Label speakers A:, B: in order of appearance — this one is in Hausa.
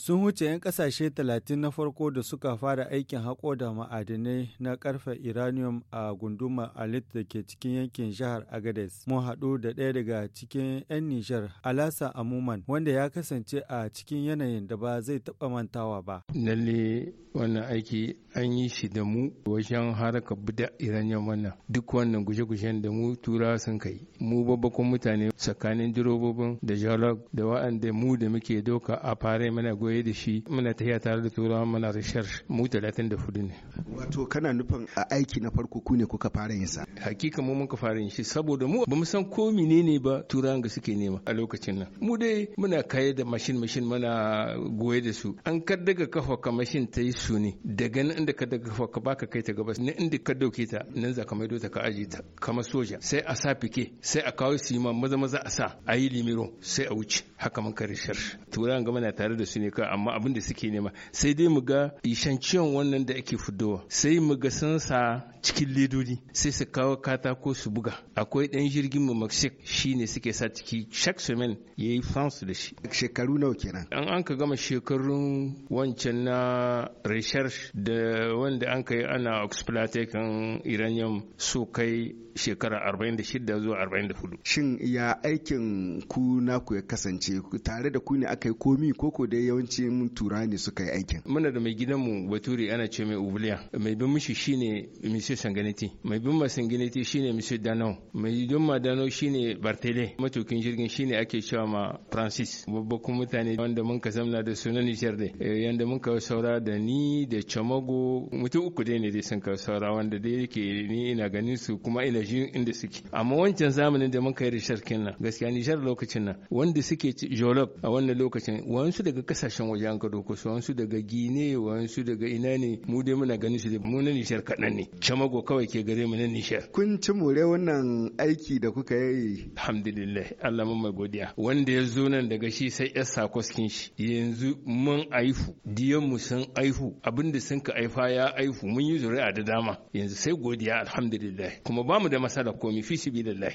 A: sun wuce 'yan kasashe 30 na farko da suka fara aikin haƙo da ma'adinai na karfe iranium a gunduma alit da ke cikin yankin jihar agades mun haɗu da ɗaya daga cikin 'yan nijar alasa amuman wanda ya kasance a cikin yanayin da ba zai taɓa mantawa ba
B: lalle wannan aiki an yi shi da mu wajen haraka bida iranium wannan duk wannan guje-gujen da mu tura sun kai mu babbakon mutane tsakanin dirobobin da jalog da wa'anda mu da muke doka a fara mana goyi kewaye da shi muna tafiya tare da turawa muna research mu 34 ne
A: wato kana nufin
B: a aiki na farko ku ne kuka fara yin sa hakika mu muka fara yin shi saboda mu bamu san ko menene ba turawan ga suke nema a lokacin nan mu dai muna kaya da mashin mashin muna goye da su an kaddaga kafa ka mashin ta yi su ne daga nan inda ka daga kafa ka baka kai ta gabas na inda ka dauke ta nan za ka maido ta ka aje ta kamar soja sai a sa fike sai a kawo su yi maza maza a sa a yi limiro sai a wuce haka man ka rishar turawan ga muna tare da su ne duka amma abin da suke nema sai dai mu ga ishanciyon wannan da ake fudowa sai mu ga sun sa cikin ledodi sai su kawo katako su buga akwai dan jirgin mu Mexico shine suke sa ciki Shak Semen yayi France da shi shekaru nawa kenan an an ka gama shekarun wancan na research da wanda an kai ana exploitation uranium su kai shekara 46 zuwa 44 shin
A: ya aikin ku naku ya kasance tare da ku ne aka yi komi koko da yawanci yawancin tura ne suka yi aikin
B: muna da mai gidanmu bature ana ce mai ubuliya mai bin mishi shine monsieur sanganiti mai bin masanganiti shine monsieur dano. mai don ma Dano shine bartele matukin jirgin shine ake cewa ma francis kuma mutane wanda mun ka zamna da sunan Niger da eh, yanda mun ka saura da ni da chamago mutum uku dai ne dai sun ka saura wanda dai yake ni ina ganin su kuma ina jin inda suke amma wancan zamanin da mun kai rishar kenan gaskiya Niger lokacin nan wanda suke jolof a wannan lokacin wasu daga kasashen kasashen waje an ka doko su wansu daga gine wasu daga ina ne mu dai muna ganin su da mu na nishar kaɗan ne camago kawai ke gare mu na nishar. kun ci more wannan aiki da kuka yi. alhamdulillah allah mun mai godiya wanda ya zo nan daga shi sai ya sako skin shi yanzu mun aifu diyan mu sun aifu abinda sun ka aifa ya aifu mun yi zuri'a da dama yanzu sai godiya alhamdulillah kuma bamu da masa da komi fi sabilillah